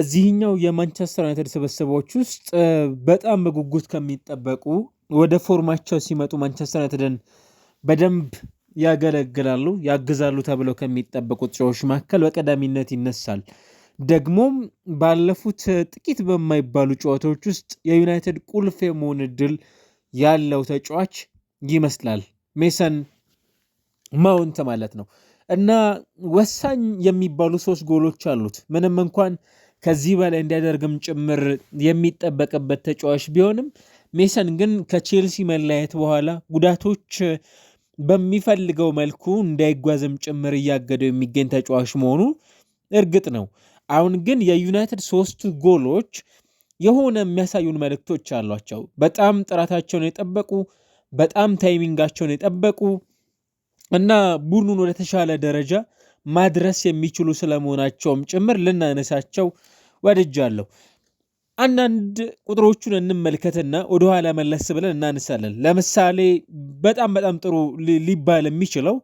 እዚህኛው የማንቸስተር ዩናይትድ ስብስቦች ውስጥ በጣም በጉጉት ከሚጠበቁ ወደ ፎርማቸው ሲመጡ ማንቸስተር ዩናይትድን በደንብ ያገለግላሉ፣ ያግዛሉ ተብለው ከሚጠበቁ ተጫዋቾች መካከል በቀዳሚነት ይነሳል። ደግሞም ባለፉት ጥቂት በማይባሉ ጨዋታዎች ውስጥ የዩናይትድ ቁልፍ የመሆን እድል ያለው ተጫዋች ይመስላል ሜሰን ማውንት ማለት ነው እና ወሳኝ የሚባሉ ሶስት ጎሎች አሉት ምንም እንኳን ከዚህ በላይ እንዲያደርግም ጭምር የሚጠበቅበት ተጫዋች ቢሆንም ሜሰን ግን ከቼልሲ መለያየት በኋላ ጉዳቶች በሚፈልገው መልኩ እንዳይጓዝም ጭምር እያገደው የሚገኝ ተጫዋች መሆኑ እርግጥ ነው። አሁን ግን የዩናይትድ ሶስት ጎሎች የሆነ የሚያሳዩን መልእክቶች አሏቸው። በጣም ጥራታቸውን የጠበቁ በጣም ታይሚንጋቸውን የጠበቁ እና ቡድኑን ወደ ተሻለ ደረጃ ማድረስ የሚችሉ ስለመሆናቸውም ጭምር ልናነሳቸው ወድጃለሁ። አንዳንድ ቁጥሮቹን እንመልከትና ወደኋላ መለስ ብለን እናነሳለን። ለምሳሌ በጣም በጣም ጥሩ ሊባል የሚችለው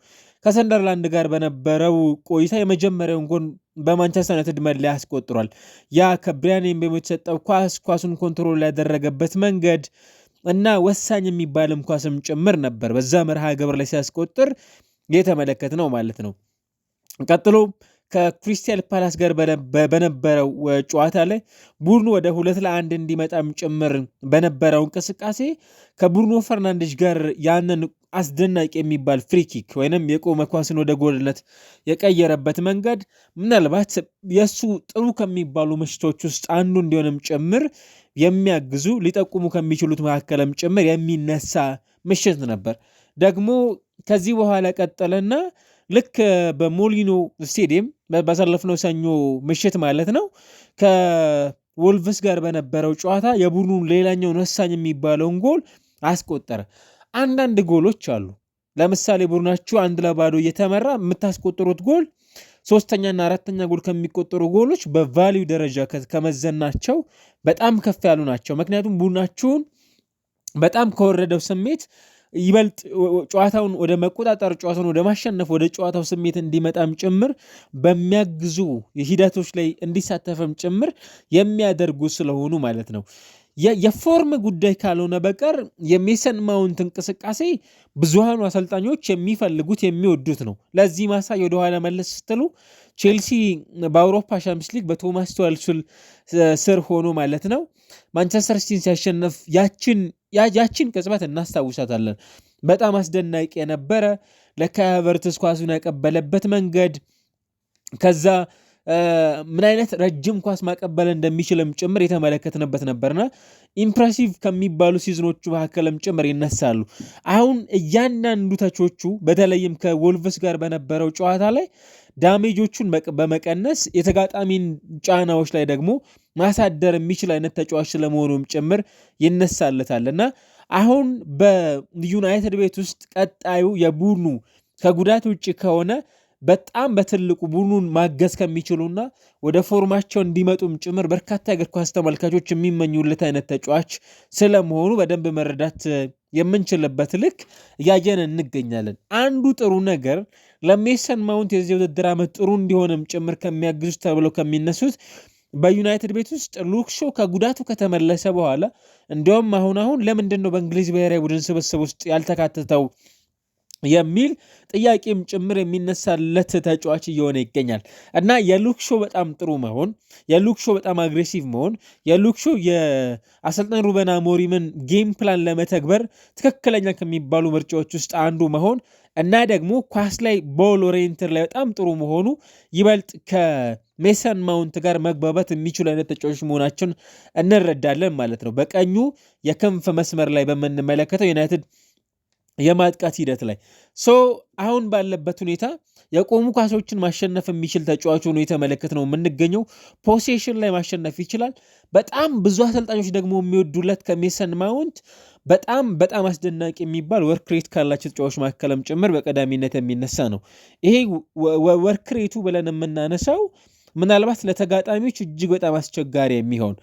ከሰንደርላንድ ጋር በነበረው ቆይታ የመጀመሪያውን ጎን በማንቸስተር ዩናይትድ መለያ አስቆጥሯል። ያ ከብሪያን ኤምቤሞ የተሰጠው ኳስ፣ ኳሱን ኮንትሮል ያደረገበት መንገድ እና ወሳኝ የሚባልም ኳስም ጭምር ነበር። በዛ መርሃ ግብር ላይ ሲያስቆጥር የተመለከት ነው ማለት ነው። ቀጥሎ ከክሪስታል ፓላስ ጋር በነበረው ጨዋታ ላይ ቡድኑ ወደ ሁለት ለአንድ እንዲመጣም ጭምር በነበረው እንቅስቃሴ ከቡርኖ ፈርናንዴጅ ጋር ያንን አስደናቂ የሚባል ፍሪኪክ ወይም የቆመ ኳስን ወደ ጎልነት የቀየረበት መንገድ ምናልባት የእሱ ጥሩ ከሚባሉ ምሽቶች ውስጥ አንዱ እንዲሆንም ጭምር የሚያግዙ ሊጠቁሙ ከሚችሉት መካከልም ጭምር የሚነሳ ምሽት ነበር። ደግሞ ከዚህ በኋላ ቀጠለና ልክ በሞሊኖ ስቴዲየም ባሳለፍነው ሰኞ ምሽት ማለት ነው ከወልቭስ ጋር በነበረው ጨዋታ የቡድኑ ሌላኛውን ወሳኝ የሚባለውን ጎል አስቆጠረ። አንዳንድ ጎሎች አሉ። ለምሳሌ ቡድናችሁ አንድ ለባዶ እየተመራ የምታስቆጥሩት ጎል ሶስተኛና አራተኛ ጎል ከሚቆጠሩ ጎሎች በቫሊዩ ደረጃ ከመዘናቸው በጣም ከፍ ያሉ ናቸው። ምክንያቱም ቡድናችሁን በጣም ከወረደው ስሜት ይበልጥ ጨዋታውን ወደ መቆጣጠር፣ ጨዋታውን ወደ ማሸነፍ፣ ወደ ጨዋታው ስሜት እንዲመጣም ጭምር በሚያግዙ ሂደቶች ላይ እንዲሳተፍም ጭምር የሚያደርጉ ስለሆኑ ማለት ነው። የፎርም ጉዳይ ካልሆነ በቀር የሜሰን ማውንት እንቅስቃሴ ብዙሃኑ አሰልጣኞች የሚፈልጉት የሚወዱት ነው። ለዚህ ማሳይ ወደኋላ መለስ ስትሉ ቼልሲ በአውሮፓ ሻምፒዮንስ ሊግ በቶማስ ቱኸል ስር ሆኖ ማለት ነው ማንቸስተር ሲቲን ሲያሸነፍ ያችን ቅጽበት እናስታውሳታለን። በጣም አስደናቂ የነበረ ለካይ ሃቨርትዝ ኳሱን ያቀበለበት መንገድ ከዛ ምን አይነት ረጅም ኳስ ማቀበል እንደሚችልም ጭምር የተመለከትንበት ነበርና ኢምፕሬሲቭ ከሚባሉ ሲዝኖቹ መካከልም ጭምር ይነሳሉ። አሁን እያንዳንዱ ተቾቹ በተለይም ከወልቭስ ጋር በነበረው ጨዋታ ላይ ዳሜጆቹን በመቀነስ የተጋጣሚን ጫናዎች ላይ ደግሞ ማሳደር የሚችል አይነት ተጫዋች ስለመሆኑም ጭምር ይነሳለታል እና አሁን በዩናይትድ ቤት ውስጥ ቀጣዩ የቡድኑ ከጉዳት ውጭ ከሆነ በጣም በትልቁ ቡድኑን ማገዝ ከሚችሉና ወደ ፎርማቸው እንዲመጡም ጭምር በርካታ የእግር ኳስ ተመልካቾች የሚመኙለት አይነት ተጫዋች ስለመሆኑ በደንብ መረዳት የምንችልበት ልክ እያየን እንገኛለን። አንዱ ጥሩ ነገር ለሜሰን ማውንት የዚህ ውድድር ዓመት ጥሩ እንዲሆንም ጭምር ከሚያግዙት ተብለው ከሚነሱት በዩናይትድ ቤት ውስጥ ሉክ ሾው ከጉዳቱ ከተመለሰ በኋላ እንዲያውም አሁን አሁን ለምንድን ነው በእንግሊዝ ብሔራዊ ቡድን ስብስብ ውስጥ ያልተካተተው የሚል ጥያቄም ጭምር የሚነሳለት ተጫዋች እየሆነ ይገኛል እና የሉክ ሾው በጣም ጥሩ መሆን፣ የሉክ በጣም አግሬሲቭ መሆን፣ የሉክ ሾው የአሰልጣኝ ሩበን አሞሪምን ጌም ፕላን ለመተግበር ትክክለኛ ከሚባሉ ምርጫዎች ውስጥ አንዱ መሆን እና ደግሞ ኳስ ላይ ቦል ኦሪየንትድ ላይ በጣም ጥሩ መሆኑ ይበልጥ ከሜሰን ማውንት ጋር መግባባት የሚችሉ አይነት ተጫዋች መሆናቸውን እንረዳለን ማለት ነው። በቀኙ የክንፍ መስመር ላይ በምንመለከተው ዩናይትድ የማጥቃት ሂደት ላይ ሶ አሁን ባለበት ሁኔታ የቆሙ ኳሶችን ማሸነፍ የሚችል ተጫዋች ሆኖ የተመለከት ነው የምንገኘው። ፖሴሽን ላይ ማሸነፍ ይችላል። በጣም ብዙ አሰልጣኞች ደግሞ የሚወዱለት ከሜሰን ማውንት በጣም በጣም አስደናቂ የሚባል ወርክሬት ካላቸው ተጫዋች መካከልም ጭምር በቀዳሚነት የሚነሳ ነው። ይሄ ወርክሬቱ ብለን የምናነሳው ምናልባት ለተጋጣሚዎች እጅግ በጣም አስቸጋሪ የሚሆን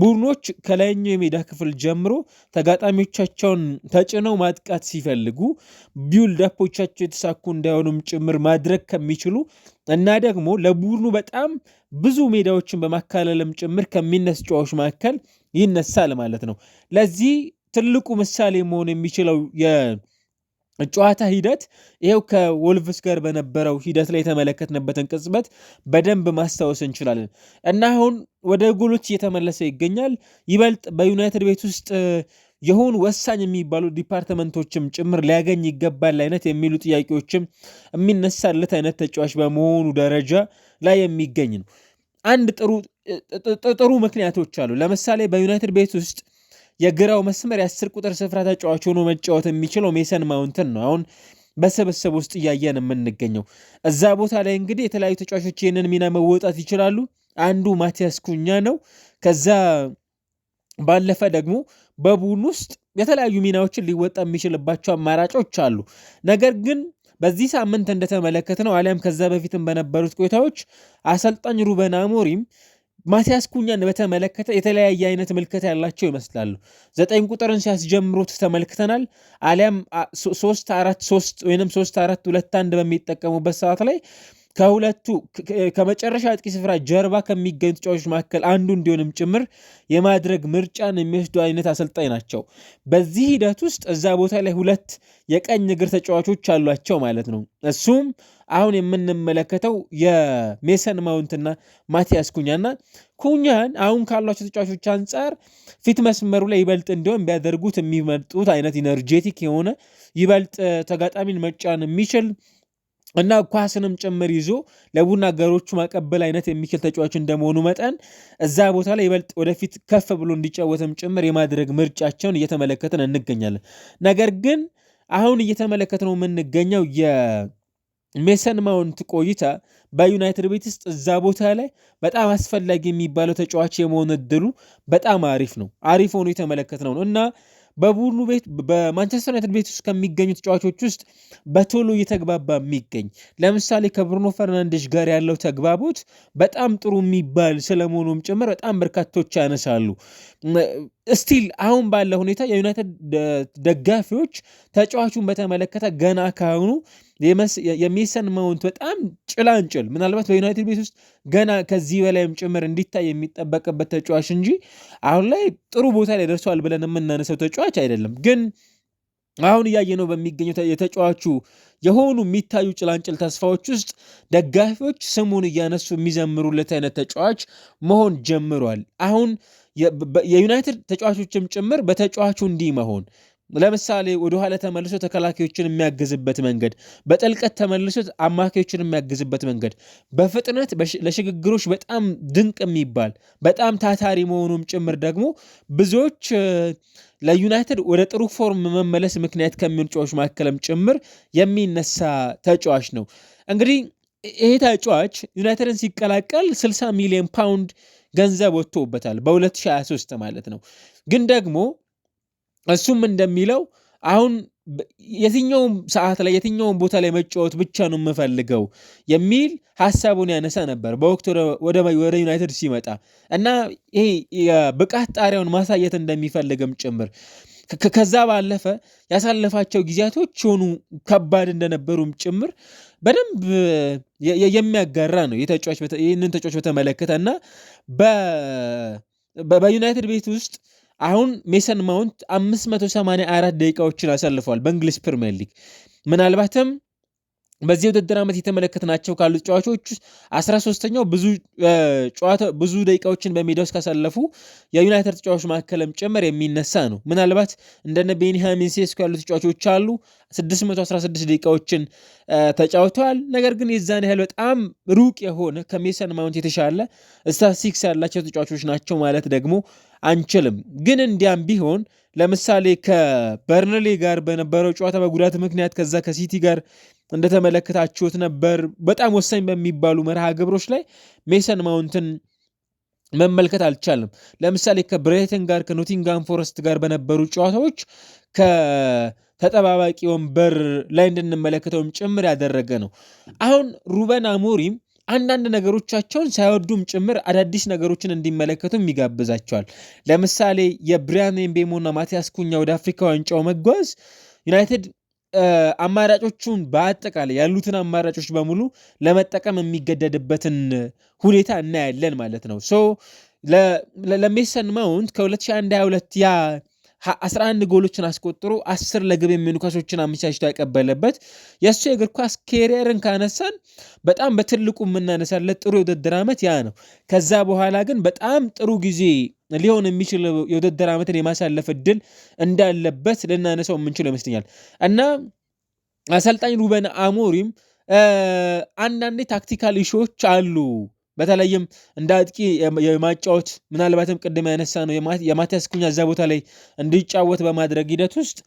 ቡድኖች ከላይኛው የሜዳ ክፍል ጀምሮ ተጋጣሚዎቻቸውን ተጭነው ማጥቃት ሲፈልጉ ቢውልዳፖቻቸው የተሳኩ እንዳይሆኑም ጭምር ማድረግ ከሚችሉ እና ደግሞ ለቡድኑ በጣም ብዙ ሜዳዎችን በማካለልም ጭምር ከሚነስ ጨዋዎች መካከል ይነሳል ማለት ነው። ለዚህ ትልቁ ምሳሌ መሆን የሚችለው ጨዋታ ሂደት ይኸው ከወልቭስ ጋር በነበረው ሂደት ላይ የተመለከትንበትን ቅጽበት በደንብ ማስታወስ እንችላለን እና አሁን ወደ ጎሎች እየተመለሰ ይገኛል። ይበልጥ በዩናይትድ ቤት ውስጥ የሆኑ ወሳኝ የሚባሉ ዲፓርትመንቶችም ጭምር ሊያገኝ ይገባል አይነት የሚሉ ጥያቄዎችም የሚነሳለት አይነት ተጫዋች በመሆኑ ደረጃ ላይ የሚገኝ ነው። አንድ ጥሩ ጥሩ ምክንያቶች አሉ። ለምሳሌ በዩናይትድ ቤት ውስጥ የግራው መስመር የአስር ቁጥር ስፍራ ተጫዋች ሆኖ መጫወት የሚችለው ሜሰን ማውንትን ነው አሁን በስብስብ ውስጥ እያየን የምንገኘው። እዛ ቦታ ላይ እንግዲህ የተለያዩ ተጫዋቾች ይህንን ሚና መወጣት ይችላሉ። አንዱ ማቲያስ ኩኛ ነው። ከዛ ባለፈ ደግሞ በቡድን ውስጥ የተለያዩ ሚናዎችን ሊወጣ የሚችልባቸው አማራጮች አሉ። ነገር ግን በዚህ ሳምንት እንደተመለከትነው አሊያም ከዛ በፊትም በነበሩት ቆይታዎች አሰልጣኝ ሩበን አሞሪም ማቲያስ ኩኛን በተመለከተ የተለያየ አይነት ምልከታ ያላቸው ይመስላሉ። ዘጠኝ ቁጥርን ሲያስጀምሩት ተመልክተናል። አሊያም ሶስት አራት ሶስት ወይም ሶስት አራት ሁለት አንድ በሚጠቀሙበት ሰዓት ላይ ከሁለቱ ከመጨረሻ አጥቂ ስፍራ ጀርባ ከሚገኙ ተጫዋቾች መካከል አንዱ እንዲሆንም ጭምር የማድረግ ምርጫን የሚወስዱ አይነት አሰልጣኝ ናቸው። በዚህ ሂደት ውስጥ እዛ ቦታ ላይ ሁለት የቀኝ እግር ተጫዋቾች አሏቸው ማለት ነው። እሱም አሁን የምንመለከተው የሜሰን ማውንትና ማቲያስ ኩኛና ኩኛን አሁን ካሏቸው ተጫዋቾች አንጻር ፊት መስመሩ ላይ ይበልጥ እንዲሆን ቢያደርጉት የሚመጡት አይነት ኢነርጄቲክ የሆነ ይበልጥ ተጋጣሚን መጫን የሚችል እና ኳስንም ጭምር ይዞ ለቡና አጋሮቹ ማቀበል አይነት የሚችል ተጫዋች እንደመሆኑ መጠን እዛ ቦታ ላይ ይበልጥ ወደፊት ከፍ ብሎ እንዲጫወትም ጭምር የማድረግ ምርጫቸውን እየተመለከትን እንገኛለን። ነገር ግን አሁን እየተመለከት ነው የምንገኘው ሜሰን ማውንት ቆይታ በዩናይትድ ቤት ውስጥ እዛ ቦታ ላይ በጣም አስፈላጊ የሚባለው ተጫዋች የመሆን እድሉ በጣም አሪፍ ነው። አሪፍ ሆኖ የተመለከት ነው እና በቡድኑ ቤት በማንቸስተር ዩናይትድ ቤት ውስጥ ከሚገኙ ተጫዋቾች ውስጥ በቶሎ እየተግባባ የሚገኝ ለምሳሌ ከብሩኖ ፈርናንዴሽ ጋር ያለው ተግባቦት በጣም ጥሩ የሚባል ስለመሆኑም ጭምር በጣም በርካቶች ያነሳሉ። ስቲል አሁን ባለ ሁኔታ የዩናይትድ ደጋፊዎች ተጫዋቹን በተመለከተ ገና ካሁኑ የሜሰን በጣም ጭላንጭል ምናልባት በዩናይትድ ቤት ውስጥ ገና ከዚህ በላይም ጭምር እንዲታይ የሚጠበቅበት ተጫዋች እንጂ አሁን ላይ ጥሩ ቦታ ላይ ደርሰዋል ብለን የምናነሰው ተጫዋች አይደለም። ግን አሁን እያየ ነው በሚገኘው የተጫዋቹ የሆኑ የሚታዩ ጭላንጭል ተስፋዎች ውስጥ ደጋፊዎች ስሙን እያነሱ የሚዘምሩለት አይነት ተጫዋች መሆን ጀምሯል አሁን የዩናይትድ ተጫዋቾችም ጭምር በተጫዋቹ እንዲህ መሆን ለምሳሌ ወደኋላ ተመልሶ ተከላካዮችን የሚያግዝበት መንገድ፣ በጥልቀት ተመልሶ አማካዮችን የሚያግዝበት መንገድ፣ በፍጥነት ለሽግግሮች በጣም ድንቅ የሚባል በጣም ታታሪ መሆኑም ጭምር ደግሞ ብዙዎች ለዩናይትድ ወደ ጥሩ ፎርም መመለስ ምክንያት ከሚሆኑ ተጫዋቾች መካከልም ጭምር የሚነሳ ተጫዋች ነው እንግዲህ ይሄ ተጫዋች ዩናይትድን ሲቀላቀል 60 ሚሊዮን ፓውንድ ገንዘብ ወጥቶበታል በ2023 ማለት ነው። ግን ደግሞ እሱም እንደሚለው አሁን የትኛውም ሰዓት ላይ የትኛውም ቦታ ላይ መጫወት ብቻ ነው የምፈልገው የሚል ሀሳቡን ያነሳ ነበር በወቅቱ ወደ ዩናይትድ ሲመጣ እና ይሄ የብቃት ጣሪያውን ማሳየት እንደሚፈልግም ጭምር ከዛ ባለፈ ያሳለፋቸው ጊዜያቶች ሆኑ ከባድ እንደነበሩም ጭምር በደንብ የሚያጋራ ነው ይህንን ተጫዋች በተመለከተ እና በዩናይትድ ቤት ውስጥ አሁን ሜሰን ማውንት 584 ደቂቃዎችን አሳልፈዋል በእንግሊዝ ፕሪሚየር ሊግ ምናልባትም በዚህ የውድድር ዓመት የተመለከትናቸው ካሉ ተጫዋቾች ውስጥ አስራ ሶስተኛው ብዙ ጨዋታ ብዙ ደቂቃዎችን በሜዳ ውስጥ ካሳለፉ የዩናይትድ ተጫዋቾች መካከልም ጭምር የሚነሳ ነው። ምናልባት እንደነ ቤኒሃሚን ሴስኮ ያሉ ተጫዋቾች አሉ 616 ደቂቃዎችን ተጫውተዋል። ነገር ግን የዛን ያህል በጣም ሩቅ የሆነ ከሜሰን ማውንት የተሻለ ስታቲስቲክስ ያላቸው ተጫዋቾች ናቸው ማለት ደግሞ አንችልም። ግን እንዲያም ቢሆን ለምሳሌ ከበርንሌ ጋር በነበረው ጨዋታ በጉዳት ምክንያት ከዛ ከሲቲ ጋር እንደተመለከታችሁት ነበር። በጣም ወሳኝ በሚባሉ መርሃ ግብሮች ላይ ሜሰን ማውንትን መመልከት አልቻለም። ለምሳሌ ከብሬተን ጋር ከኖቲንጋም ፎረስት ጋር በነበሩ ጨዋታዎች ከተጠባባቂ ወንበር ላይ እንድንመለከተውም ጭምር ያደረገ ነው። አሁን ሩበን አሞሪም አንዳንድ ነገሮቻቸውን ሳይወዱም ጭምር አዳዲስ ነገሮችን እንዲመለከቱም ይጋብዛቸዋል። ለምሳሌ የብሪያን ኤምቤሞና ማቲያስ ኩኛ ወደ አፍሪካ ዋንጫው መጓዝ ዩናይትድ አማራጮቹን በአጠቃላይ ያሉትን አማራጮች በሙሉ ለመጠቀም የሚገደድበትን ሁኔታ እናያለን ማለት ነው። ሶ ለሜሰን ማውንት ከ2021/22 ያ 11 ጎሎችን አስቆጥሮ 10 ለግብ የሚሆኑ ኳሶችን አመቻችቶ ያቀበለበት የእሱ የእግር ኳስ ኬሪየርን ካነሳን በጣም በትልቁ የምናነሳለት ጥሩ የውድድር ዓመት ያ ነው። ከዛ በኋላ ግን በጣም ጥሩ ጊዜ ሊሆን የሚችል የውድድር ዓመትን የማሳለፍ እድል እንዳለበት ልናነሳው የምንችለው ይመስለኛል እና አሰልጣኝ ሩበን አሞሪም አንዳንዴ ታክቲካል ሾዎች አሉ። በተለይም እንደ አጥቂ የማጫወት ምናልባትም ቅድም ያነሳ ነው የማቲያስ ኩኛ እዛ ቦታ ላይ እንዲጫወት በማድረግ ሂደት ውስጥ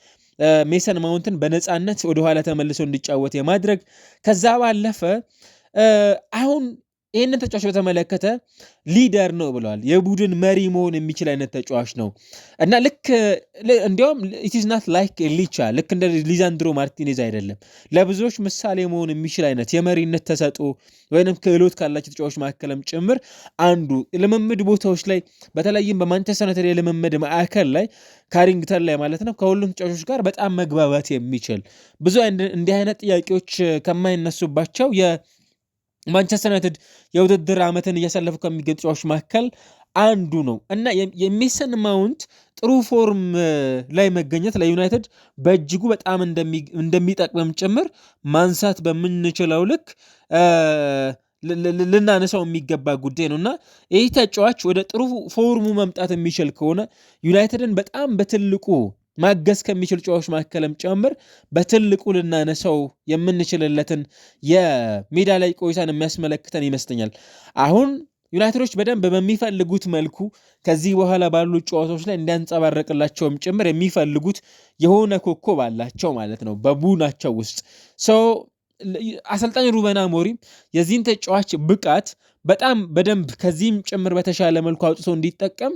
ሜሰን ማውንትን በነፃነት ወደኋላ ተመልሶ እንዲጫወት የማድረግ ከዛ ባለፈ አሁን ይህንን ተጫዋች በተመለከተ ሊደር ነው ብለዋል። የቡድን መሪ መሆን የሚችል አይነት ተጫዋች ነው እና ልክ እንዲያውም ናት ላይክ ሊቻ ልክ እንደ ሊዛንድሮ ማርቲኔዝ አይደለም። ለብዙዎች ምሳሌ መሆን የሚችል አይነት የመሪነት ተሰጥኦ ወይም ክህሎት ካላቸው ተጫዋች መካከልም ጭምር አንዱ ልምምድ ቦታዎች ላይ በተለይም በማንቸስተር ዩናይትድ የልምምድ ማዕከል ላይ ካሪንግተን ላይ ማለት ነው ከሁሉም ተጫዋቾች ጋር በጣም መግባባት የሚችል ብዙ እንዲህ አይነት ጥያቄዎች ከማይነሱባቸው ማንቸስተር ዩናይትድ የውድድር ዓመትን እያሳለፉ ከሚገኙ ተጫዋቾች መካከል አንዱ ነው እና የሜሰን ማውንት ጥሩ ፎርም ላይ መገኘት ለዩናይትድ በእጅጉ በጣም እንደሚጠቅምም ጭምር ማንሳት በምንችለው ልክ ልናነሳው የሚገባ ጉዳይ ነው እና ይህ ተጫዋች ወደ ጥሩ ፎርሙ መምጣት የሚችል ከሆነ ዩናይትድን በጣም በትልቁ ማገዝ ከሚችል ጨዋቾች መካከልም ጭምር በትልቁ ልናነሰው የምንችልለትን የሜዳ ላይ ቆይታን የሚያስመለክተን ይመስለኛል። አሁን ዩናይትዶች በደንብ በሚፈልጉት መልኩ ከዚህ በኋላ ባሉት ጨዋታዎች ላይ እንዲያንጸባረቅላቸውም ጭምር የሚፈልጉት የሆነ ኮከብ አላቸው ማለት ነው በቡናቸው ውስጥ ሰው አሰልጣኝ ሩበን አሞሪም የዚህን ተጫዋች ብቃት በጣም በደንብ ከዚህም ጭምር በተሻለ መልኩ አውጥቶ እንዲጠቀም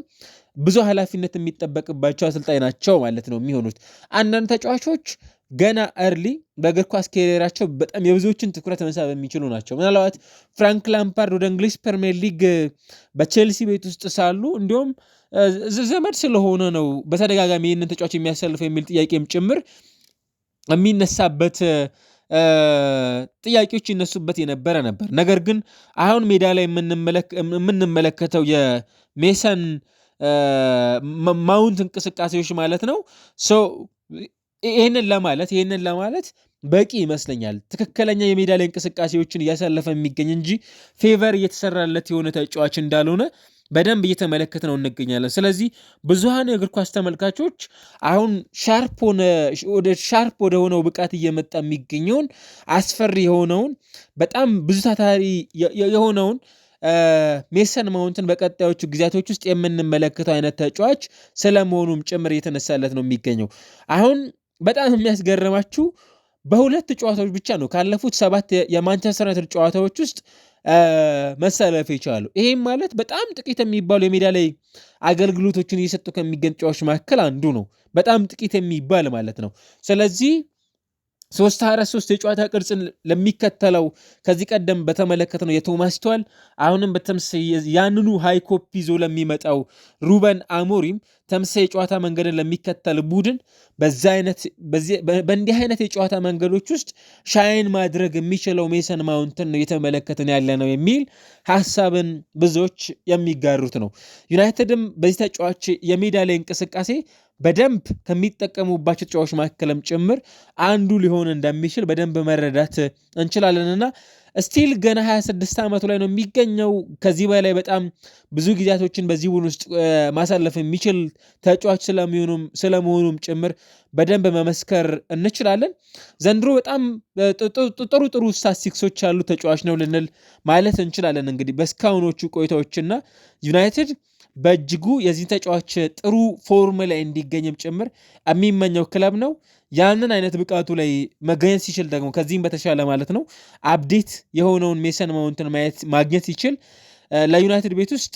ብዙ ኃላፊነት የሚጠበቅባቸው አሰልጣኝ ናቸው ማለት ነው የሚሆኑት። አንዳንድ ተጫዋቾች ገና እርሊ በእግር ኳስ ኬሪራቸው በጣም የብዙዎችን ትኩረት መሳብ የሚችሉ ናቸው። ምናልባት ፍራንክ ላምፓርድ ወደ እንግሊዝ ፕሪሚየር ሊግ በቼልሲ ቤት ውስጥ ሳሉ እንዲሁም ዘመድ ስለሆነ ነው በተደጋጋሚ ይህንን ተጫዋች የሚያሰልፈው የሚል ጥያቄም ጭምር የሚነሳበት ጥያቄዎች ይነሱበት የነበረ ነበር። ነገር ግን አሁን ሜዳ ላይ የምንመለከተው የሜሰን ማውንት እንቅስቃሴዎች ማለት ነው። ይህንን ለማለት ይህንን ለማለት በቂ ይመስለኛል። ትክክለኛ የሜዳ ላይ እንቅስቃሴዎችን እያሳለፈ የሚገኝ እንጂ ፌቨር እየተሰራለት የሆነ ተጫዋች እንዳልሆነ በደንብ እየተመለከት ነው እንገኛለን። ስለዚህ ብዙሀን የእግር ኳስ ተመልካቾች አሁን ሻርፕ ወደ ሻርፕ ወደ ሆነው ብቃት እየመጣ የሚገኘውን አስፈሪ የሆነውን በጣም ብዙ ታታሪ የሆነውን ሜሰን ማውንትን በቀጣዮቹ ጊዜያቶች ውስጥ የምንመለከተው አይነት ተጫዋች ስለመሆኑም ጭምር እየተነሳለት ነው የሚገኘው። አሁን በጣም የሚያስገርማችሁ በሁለት ጨዋታዎች ብቻ ነው ካለፉት ሰባት የማንቸስተር ዩናይትድ ጨዋታዎች ውስጥ መሰለፍ ይቻሉ። ይህም ማለት በጣም ጥቂት የሚባሉ የሜዳ ላይ አገልግሎቶችን እየሰጡ ከሚገኝ ተጫዋቾች መካከል አንዱ ነው። በጣም ጥቂት የሚባል ማለት ነው። ስለዚህ ሶስት አራት ሶስት የጨዋታ ቅርጽን ለሚከተለው ከዚህ ቀደም በተመለከት ነው የቶማስ ቷል አሁንም በተመሳሳይ ያንኑ ሃይኮፕ ይዞ ለሚመጣው ሩበን አሞሪም ተመሳሳይ የጨዋታ መንገድን ለሚከተል ቡድን በእንዲህ አይነት የጨዋታ መንገዶች ውስጥ ሻይን ማድረግ የሚችለው ሜሰን ማውንትን ነው እየተመለከትን ያለ ነው የሚል ሀሳብን ብዙዎች የሚጋሩት ነው። ዩናይትድም በዚህ ተጫዋች የሜዳ ላይ እንቅስቃሴ በደንብ ከሚጠቀሙባቸው ተጫዋቾች መካከልም ጭምር አንዱ ሊሆን እንደሚችል በደንብ መረዳት እንችላለንና ስቲል ገና 26 ዓመቱ ላይ ነው የሚገኘው። ከዚህ በላይ በጣም ብዙ ጊዜያቶችን በዚህ ቡድን ውስጥ ማሳለፍ የሚችል ተጫዋች ስለመሆኑም ጭምር በደንብ መመስከር እንችላለን። ዘንድሮ በጣም ጥሩ ጥሩ ስታቲስቲክሶች ያሉ ተጫዋች ነው ልንል ማለት እንችላለን። እንግዲህ በእስካሁኖቹ ቆይታዎችና ዩናይትድ በእጅጉ የዚህ ተጫዋች ጥሩ ፎርም ላይ እንዲገኝም ጭምር የሚመኘው ክለብ ነው። ያንን አይነት ብቃቱ ላይ መገኘት ሲችል ደግሞ ከዚህም በተሻለ ማለት ነው አብዴት የሆነውን ሜሰን ማውንትን ማግኘት ሲችል ለዩናይትድ ቤት ውስጥ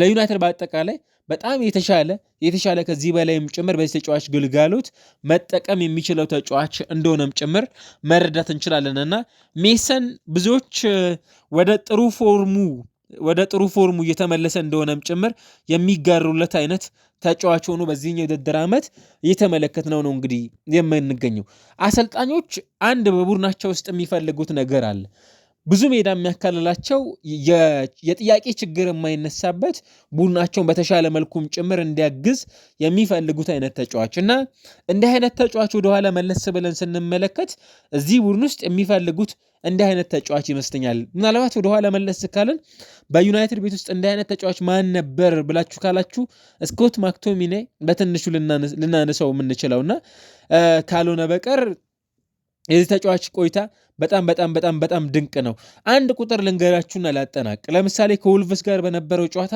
ለዩናይትድ በአጠቃላይ በጣም የተሻለ የተሻለ ከዚህ በላይም ጭምር በዚህ ተጫዋች ግልጋሎት መጠቀም የሚችለው ተጫዋች እንደሆነም ጭምር መረዳት እንችላለን እና ሜሰን ብዙዎች ወደ ጥሩ ፎርሙ ወደ ጥሩ ፎርሙ እየተመለሰ እንደሆነም ጭምር የሚጋሩለት አይነት ተጫዋች ሆኖ በዚህኛው የውድድር ዓመት ነው ነው እንግዲህ የምንገኘው። አሰልጣኞች አንድ በቡድናቸው ውስጥ የሚፈልጉት ነገር አለ። ብዙ ሜዳ የሚያካልላቸው የጥያቄ ችግር የማይነሳበት ቡድናቸውን በተሻለ መልኩም ጭምር እንዲያግዝ የሚፈልጉት አይነት ተጫዋች እና እንዲህ አይነት ተጫዋች ወደኋላ መለስ ብለን ስንመለከት እዚህ ቡድን ውስጥ የሚፈልጉት እንዲህ አይነት ተጫዋች ይመስለኛል። ምናልባት ወደኋላ መለስ ካለን በዩናይትድ ቤት ውስጥ እንዲህ አይነት ተጫዋች ማን ነበር ብላችሁ ካላችሁ ስኮት ማክቶሚኔ በትንሹ ልናነሳው የምንችለው እና ካልሆነ በቀር የዚህ ተጫዋች ቆይታ በጣም በጣም በጣም በጣም ድንቅ ነው። አንድ ቁጥር ልንገራችሁና ላጠናቅ። ለምሳሌ ከውልቭስ ጋር በነበረው ጨዋታ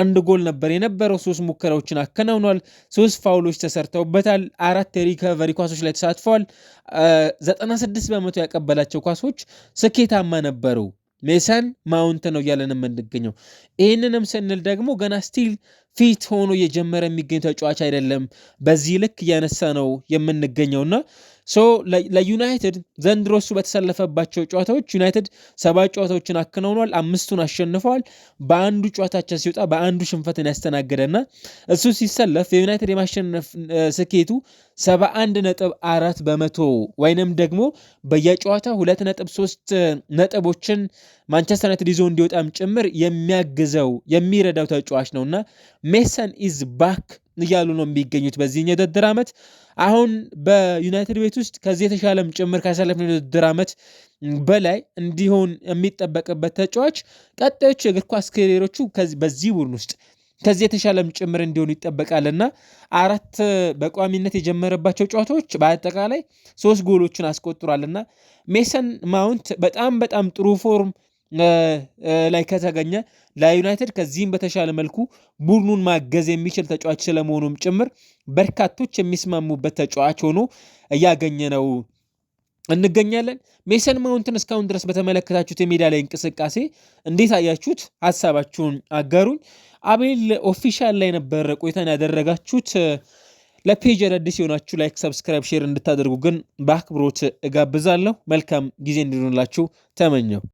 አንድ ጎል ነበር የነበረው። ሶስት ሙከራዎችን አከናውኗል። ሶስት ፋውሎች ተሰርተውበታል። አራት የሪከቨሪ ኳሶች ላይ ተሳትፈዋል። 96 በመቶ ያቀበላቸው ኳሶች ስኬታማ ነበሩ። ሜሰን ማውንት ነው እያለን የምንገኘው። ይህንንም ስንል ደግሞ ገና ስቲል ፊት ሆኖ እየጀመረ የሚገኝ ተጫዋች አይደለም። በዚህ ልክ እያነሳ ነው የምንገኘውና ሶ ለዩናይትድ ዘንድሮ እሱ በተሰለፈባቸው ጨዋታዎች ዩናይትድ ሰባት ጨዋታዎችን አከናውኗል። አምስቱን አሸንፈዋል። በአንዱ ጨዋታቸው ሲወጣ በአንዱ ሽንፈትን ያስተናገደና እሱ ሲሰለፍ የዩናይትድ የማሸነፍ ስኬቱ 71 ነጥብ አራት በመቶ ወይንም ደግሞ በየጨዋታ ሁለት ነጥብ ሶስት ነጥቦችን ማንቸስተር ዩናይትድ ይዞ እንዲወጣም ጭምር የሚያግዘው የሚረዳው ተጫዋች ነውና ሜሰን ኢዝ ባክ እያሉ ነው የሚገኙት በዚህኛ የውድድር ዓመት። አሁን በዩናይትድ ቤት ውስጥ ከዚህ የተሻለም ጭምር ካሳለፍነው የውድድር ዓመት በላይ እንዲሆን የሚጠበቅበት ተጫዋች ቀጣዮቹ የእግር ኳስ ካሪየሮቹ በዚህ ቡድን ውስጥ ከዚህ የተሻለም ጭምር እንዲሆኑ ይጠበቃልና አራት በቋሚነት የጀመረባቸው ጨዋታዎች በአጠቃላይ ሶስት ጎሎችን አስቆጥሯልና ሜሰን ማውንት በጣም በጣም ጥሩ ፎርም ላይ ከተገኘ ለዩናይትድ ከዚህም በተሻለ መልኩ ቡድኑን ማገዝ የሚችል ተጫዋች ስለመሆኑም ጭምር በርካቶች የሚስማሙበት ተጫዋች ሆኖ እያገኘ ነው እንገኛለን። ሜሰን ማውንትን እስካሁን ድረስ በተመለከታችሁት የሜዳ ላይ እንቅስቃሴ እንዴት አያችሁት? ሀሳባችሁን አጋሩኝ። አቤል ኦፊሻል ላይ ነበር ቆይታን ያደረጋችሁት። ለፔጅ አዳዲስ የሆናችሁ ላይክ፣ ሰብስክራይብ፣ ሼር እንድታደርጉ ግን በአክብሮት እጋብዛለሁ። መልካም ጊዜ እንዲሆንላችሁ ተመኘው።